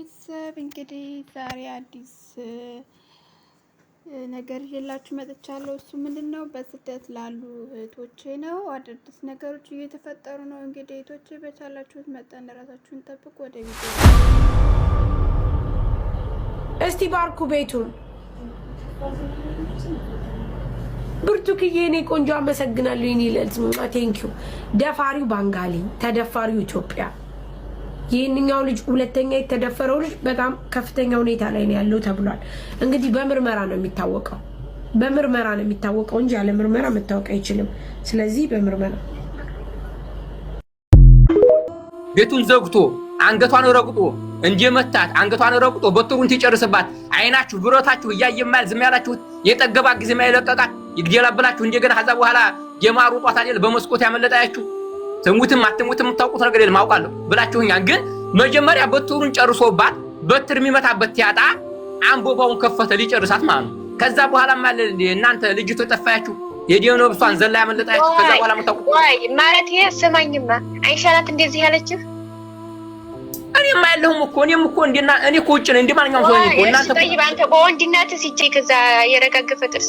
ቤተሰብ እንግዲህ ዛሬ አዲስ ነገር ይዤላችሁ መጥቻለሁ። እሱ ምንድን ነው? በስደት ላሉ እህቶቼ ነው። አዳዲስ ነገሮች እየተፈጠሩ ነው። እንግዲህ እህቶቼ በቻላችሁት መጠን ራሳችሁን ጠብቁ። ወደ ቤት እስቲ ባርኩ ቤቱን ብርቱክዬ እኔ ቆንጆ አመሰግናለሁ። ይኔ ቴንኪዩ። ደፋሪው ባንጋሊ፣ ተደፋሪው ኢትዮጵያ ይህንኛው ልጅ ሁለተኛ የተደፈረው ልጅ በጣም ከፍተኛ ሁኔታ ላይ ነው ያለው ተብሏል። እንግዲህ በምርመራ ነው የሚታወቀው በምርመራ ነው የሚታወቀው እንጂ ያለ ምርመራ መታወቅ አይችልም። ስለዚህ በምርመራ ቤቱን ዘግቶ አንገቷን ረግጦ እንደ መታት አንገቷን ረግጦ በትሩን ትጨርስባት። አይናችሁ ብረታችሁ እያየ ማል ዝም ያላችሁት የጠገባ ጊዜ ማይለቀቃት ይግደላብላችሁ። እንደገና ከዛ በኋላ የማሩ ጧት አይደል በመስኮት ያመለጣያችሁ ትሙትም አትሙትም የምታውቁት ነገር የለም አውቃለሁ ብላችሁኛል። ግን መጀመሪያ በትሩን ጨርሶባት በትር የሚመታበት ያጣ አንቦባውን ከፈተ ሊጨርሳት ማለት ነው። ከዛ በኋላ እናንተ ልጅቱ ጠፋያችሁ የዲዮኖ ብሷን ዘላ ያመለጣችሁ። ከዛ በኋላ የምታውቁት ማለት ይሄ ስማኝማ፣ አይሻላት እንደዚህ ያለችህ እኔማ ያለሁም እኮ እኔም እኮ እንዲና እኔ እኮ ውጭ ነኝ እንደ ማንኛውም ሰው እኮ እናንተ በወንድነት ሲቼ ከዛ የረጋገፈ ጥርስ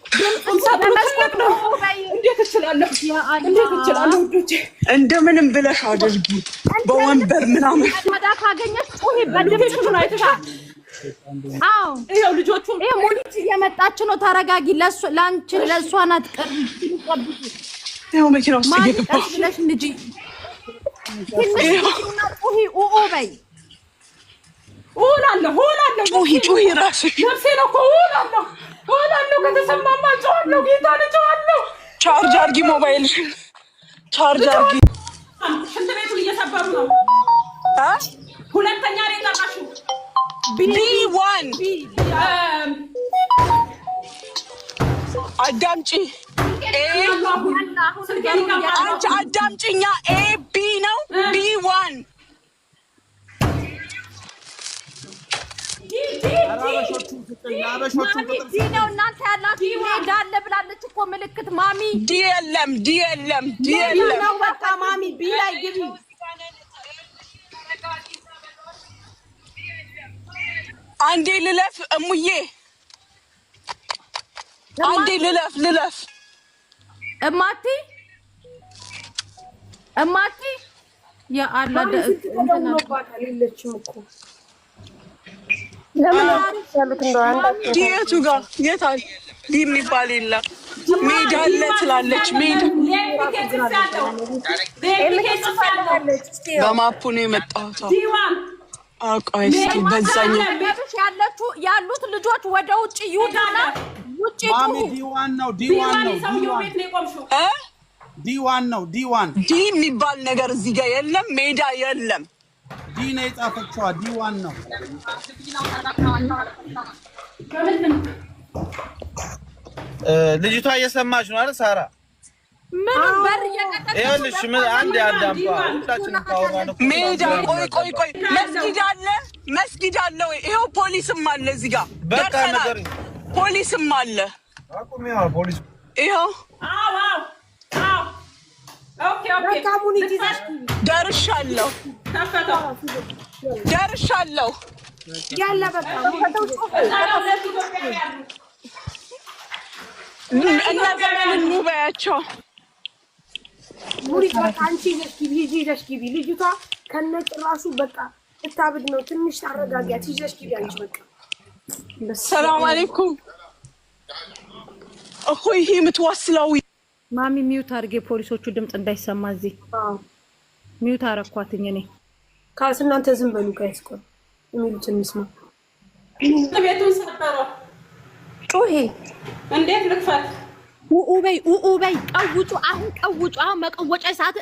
እንደምንም ብለሽ አድርጊ። በወንበር ምናምን ካገኘሽ ሞኒት እየመጣች ነው። ተረጋጊ። ለአንቺ ለእሷ ናት። መኪና በይ ሆላለሁ ሆላለሁ ጩሂ ጩሂ ራስሽ ነፍሴ ነው እኮ ሆላለሁ እሆናለሁ። ከተሰማማ ጨዋለሁ፣ ጌታን ጨዋለሁ። ቻርጅ አድርጊ፣ ሞባይል ቻርጅ አድርጊ። ሽንት ቤቱን እየሰበሩ ነው። ሁለተኛ ቢ ዋን አዳምጪ፣ አዳምጪኛ። ኤ ቢ ነው ቢ ዋን ዲ ነው እናንተ ያላችሁ ዳለ ብላለች እኮ ምልክት ማሚ ዲ የለም ዲ የለም ዲ የለም ነው በቃ ማሚ ቢ ላይ ግቢ አንዴ ልለፍ እሙዬ አንዴ ልለፍ ልለፍ እማቲ እማቲ ያ አላ የቱ ጋር የታል የሚባል የለም። ሜዳ አለ ትላለች። ሜዳ በማፑ ነው የመጣሁት። በዛኛው ያሉት ልጆች ወደ ውጭ ይውጣና ውጭ ዲዋን ነው ዲዋን ዲ የሚባል ነገር እዚህ ጋር የለም። ሜዳ የለም። ዲ ነው የጻፈችዋ። ዲ ዋን ነው። ልጅቷ እየሰማች ነው አይደል? ሳራ ይኸውልሽ፣ ምን አንድ ሜዳ ቆይ ቆይ ቆይ፣ መስጊድ አለ መስጊድ አለ ወይ? ይኸው ፖሊስም አለ እዚህ ጋር በቃ ነገር ፖሊስም አለ። ይኸው ደርሻለሁ ደርሻለሁ ያለ በቃ እና ገመን እንበያቸው ሙሪት በቃ አንቺ ይዘሽ ግቢ ሂጂ፣ ይዘሽ ግቢ። ልጅቷ ከነጭራሹ በቃ እታብድ ነው። ትንሽ አረጋጊያት፣ ይዘሽ ግቢ አንቺ በቃ። ሰላም አለይኩም እኮ ይሄ የምትዋስለው ማሚ ሚዩት አድርጌ ፖሊሶቹ ድምፅ እንዳይሰማ እዚህ ሚዩት አረኳትኝ እኔ ካስ እናንተ ዝም በሉ ጋይስ፣ ቆይ የሚሉትን እንስማ። ቤቱን ሰበረው። ጩሂ እንዴት ልክፈት? ውኡ በይ፣ ውኡ በይ፣ ቀውጩ አሁን ቀውጩ አሁን መቀወጫ ሰዓት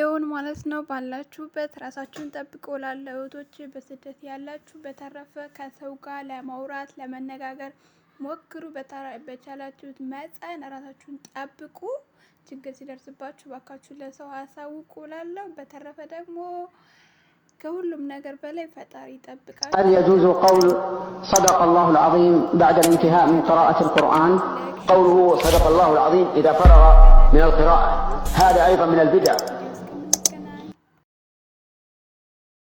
ይሁን ማለት ነው። ባላችሁበት ራሳችሁን ጠብቆ ላለ እህቶች በስደት ያላችሁ በተረፈ ከሰው ጋር ለማውራት ለመነጋገር ሞክሩ። በቻላችሁት መጠን ራሳችሁን ጠብቁ። ችግር ሲደርስባችሁ ባካችሁ ለሰው አሳውቁ እላለሁ። በተረፈ ደግሞ ከሁሉም ነገር በላይ ፈጣሪ ይጠብቃል። هل يجوز قول صدق الله العظيم بعد الانتهاء من قراءة القرآن قوله صدق الله العظيم إذا فرغ من القراءة هذا أيضا من البدع